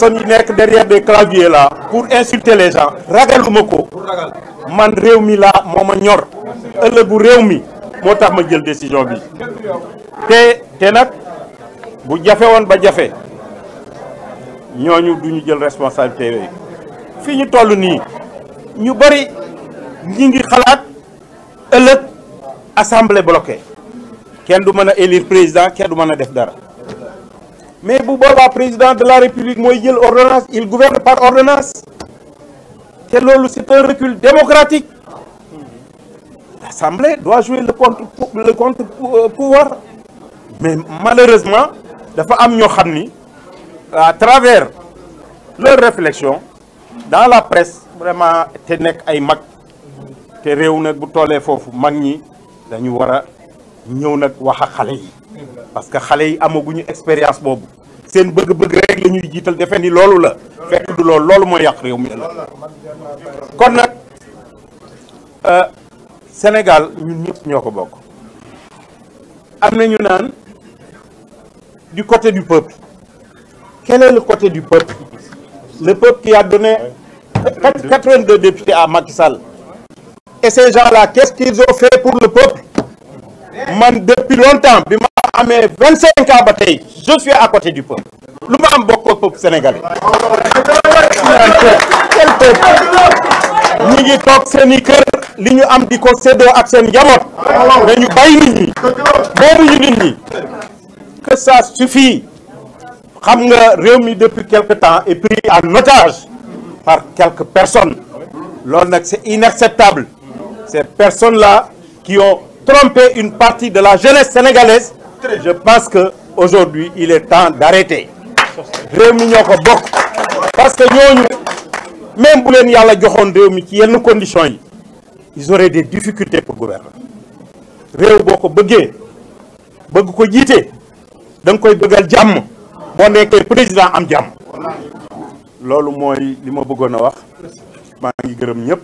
personnes yi nekk derrière des claviers la pour insulter les gens ragaluma ko man réew mi laa moo ma ñor bu réew mi moo tax ma jël décision bi te te nag bu jafe woon ba jafe ñooñu du ñu jël responsabilité yooyu fii ñu toll nii ñu bari ñi ngi xalaat ëllëg assemblée bloquée kenn du mën a élire président kenn du mën a def dara mais bu boobaa président de la république mooy jël ordonnance il gouverne par ordonnance te loolu c'est un recul démocratique l'assemblée doit jouer le contre le contre pouvoir mais malheureusement dafa am ñoo xam ni à travers leur réflexion dans la presse vraiment te nekk ay mag te réew nag bu tollee foofu mag ñi dañu war a ñëw nag wax xale yi parce que xale yi amaguñu expérience boobu seen bëgg-bëgg rek la jiital defe ni loolu la fekk du loolu loolu mooy yàq réew mi ëllëg kon nag euh, Sénégal ñun ñëpp ñoo ko bokk am na ñu naan du côté du peuple quel est le côté du peuple le peuple qui a donné 82 députés à Macky Sall et ces gens-là qu'est-ce qu'ils ont fait pour le peuple man depuis longtemps bi ma amee vingt cinq ans ba tey je suis à côté du peuple lu ma am bokk ak peuple sénégalais quel peuple ñi ngi toog seeni kër li ñu am di ko séddoo ak seen njaboot dañu bàyyi nit que ça suffit xam nga réew mi depuis quelque temps et pris en otage par quelques personnes loolu nag c'est inacceptable ces personnes là qui ont trompé une partie de la jeunesse sénégalaise je pense que aujourd'hui il est temps d'arrêter réew mi ñoo ko bokk parce que ñooñu même bu leen yàlla joxoon réew mi ci yenn condition yi ils auraient des difficultés pour gouverner réew boo ko bëggee bëgg ko jiite da nga koy bëggal jàmm boo nekkee président am jàmm loolu mooy li ma bëggoon a wax maa ngi gërëm ñëpp